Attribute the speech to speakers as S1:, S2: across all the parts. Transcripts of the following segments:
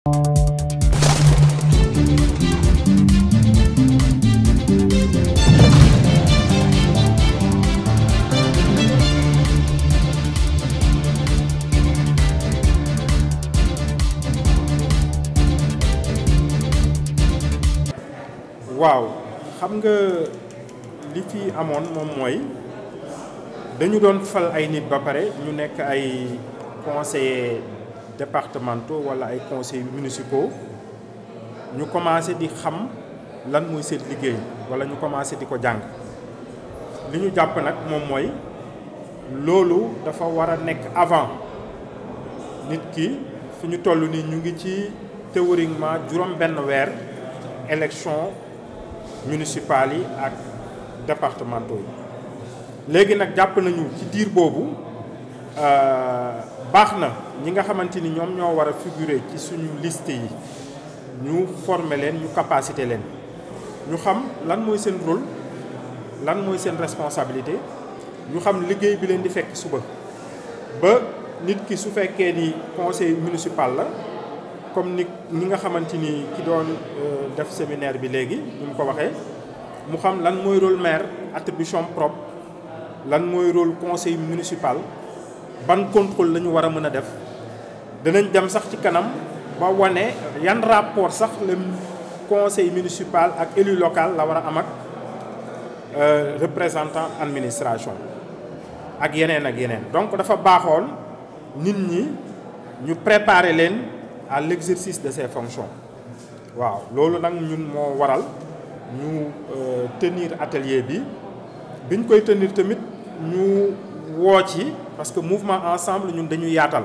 S1: waaw xam nga li fi amoon moom mooy dañu doon fal ay nit ba pare ñu nekk ay conseillers départementaux ou ay conseils municipaux Nous commencé di savoir... Nous mooy cette nous wala ñu commencé di à jàng Ce que dafa avant nit ki théoriquement durant ben élection municipale et... départementaux yi léegi ñi nga xamante ni ñoom ñoo war a figurer ci suñu liste yi ñu former leen ñu capacité leen ñu xam lan mooy seen rôle lan mooy seen responsabilité ñu xam liggéey bi leen di fekk suba ba nit ki su fekkee ni conseil municipal la comme ni ñi nga xamante ni ki doon euh, def séminaire bi léegi ñu ko waxee mu xam lan mooy rôle maire attribution propre lan mooy rôle conseil municipal ban contrôle la ñu war a mën a def dinañ dem sax ci kanam ba wane yan rapport sax le conseil municipal ak élu local la war a am ak euh, représentant administration ak yeneen ak yeneen donc dafa baaxoon nit ñi ñu préparer leen à l'exercice de ses fonctions waaw loolu nag ñun moo waral ñu euh, tenir atelier bi biñ koy tenir tamit ñu woo ci parce que mouvement ensemble ñun dañu yaatal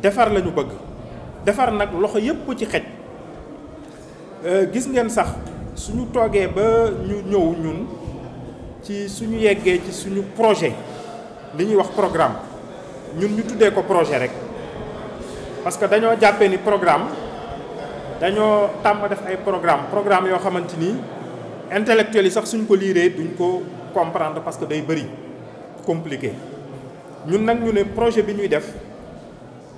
S1: defar lañu bëgg defar nak loxo yépp ci xej euh, gis ngeen sax suñu toogee ba ñu ñëw ñun ci suñu yeggé ci suñu projet li ñuy wax programme ñun ñu tuddé ko projet rek parce que dañoo jàppee ni programme dañoo tàmm def ay programme programme yoo xamante ni intellectuel yi sax suñ ko liré duñ ko comprendre parce que day bëri compliqué ñun nak ñu ne projet bi ñuy def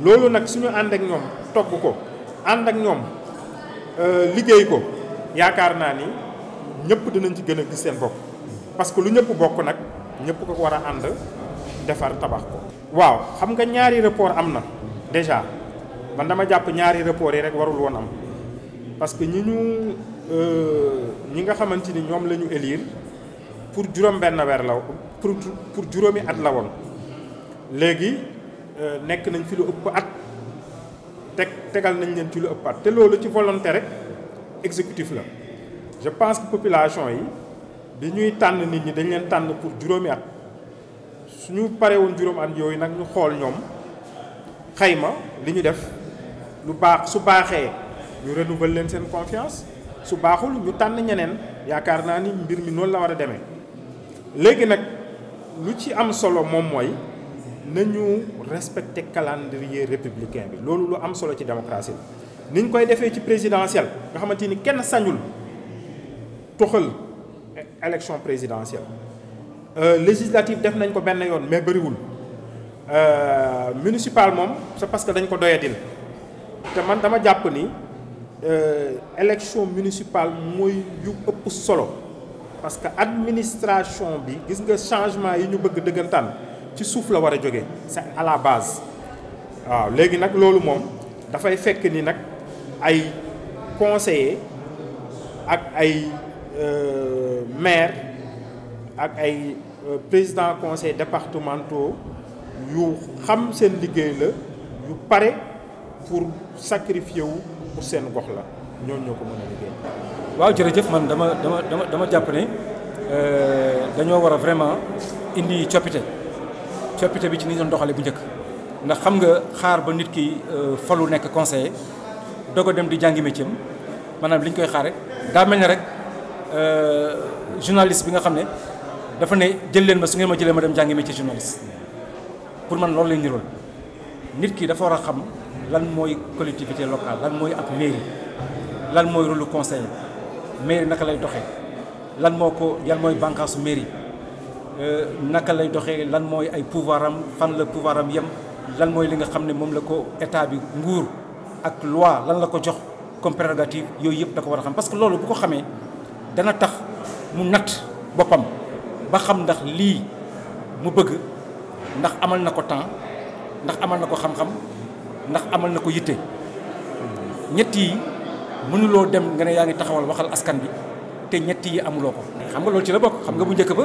S1: loolu nag suñu ànd ak ñoom togg ko ànd ak ñoom euh, liggéey ko yaakaar naa ni ñëpp dinañ ci gën a gis seen bopp parce que lu ñëpp bokk nag ñëpp ko war a ànd defar tabax ko. waaw xam nga ñaari rapport am na déjà man dama jàpp ñaari rapport yi rek warul woon am parce que ñi ñu euh, ñi nga xamante ni ñoom lañu ñu élire pour juróom benn weer la pour pour juróomi at la woon léegi. Euh, nek nañ fi lu upp at tek tegal nañ leen ci lu ëpp at te loolu ci volonté rek exécutif la je pense que population yi bi ñuy tànn nit ñi dañ leen tann pour juróomi at suñu paré won juróom at yooyu nak ñu xol ñom xayma li ñu def lu baax su baaxé ñu renouveler leen seen confiance su baaxul ñu tann ñeneen yaakaar naa ni mbir mi noonu la war a demee léegi nag lu ci am solo moom mooy respectons respecter calendrier républicain C'est ce lu am solo ci démocratie la ni ñu koy defee ci présidentielle nga xamante kenn sañul élection présidentielle euh, législatif, def nañ ko benn yoon mais Le euh, municipal c'est parce que nous ko fait. te man dama jàpp ni euh, élection municipale est yu solo parce que administration bi gis nga changement yi ñu bëgg dëggantaan ci souffle wara war a c'est à la base légui nak lolu mom da fay fekk ni nak ay conseillers ak ay euh maire ak ay euh, président conseil départementaux yu xam sen liguey la yu paré pour sacrifier wu pour sen gox la ñooñu ñoo ko mën a
S2: liggéey. waaw jërëjëf man dama dama dama japp né euh dañoo wara vraiment indi coppite. coppite bi ci ni ñu doon doxalee bu njëkk ndax xam nga xaar ba nit ki euh, falu nekk conseiller doog a dem di jàngi métier maanaam liñ koy xaare daa mel ne rek euh, journaliste bi nga xam ne dafa ne jël leen ma su ngeen ma jëlee ma dem jàngi métier journaliste pour man loolu lañ nirool nit ki dafa war a xam lan mooy collectivité local lan mooy ab mairie lan mooy rôle conseil mairie naka lay doxee lan moo ko yan mooy bànqaasu mairie Euh, naka lay doxee lan mooy ay pouvoir am fan la pouvoir am yem lan mooy li nga xam ne moom la ko état bi nguur ak loi lan la ko jox comme prérogative yooyu yëpp da ko war a xam parce que loolu bu ko xamee dana tax mu natt boppam ba xam ndax lii mu bëgg ndax amal na ko temps ndax amal na ko xam-xam ndax amal na ko yitte ñett yi mënuloo dem nga ne yaa ngi taxawal waxal askan bi te ñett yi amuloo ko xam nga loolu ci la bokk xam nga bu njëkk ba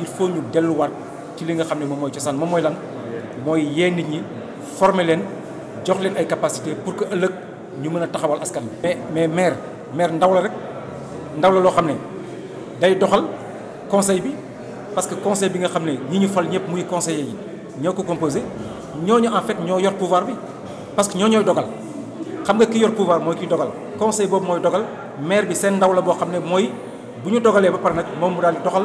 S2: il faut ñu delluwaat ci li nga xamné ne moy mooy cosaan moom mooy lan moy yee nit ñi former len jox len ay capacité pour que ëllëg ñu mëna taxawal askan mais mais maire maire ndaw la rek ndaw la loo xam day doxal conseil bi parce que conseil bi nga xamné ñi ñu fal ñep muy conseiller yi ñoo ko composé en fait ñoo yor pouvoir bi parce que ñoo ñooy dogal xam nga ki yor pouvoir moy ki dogal conseil boobu moy dogal maire bi sen ndaw la boo xam ne mooy bu ba par nak moom mu daal doxal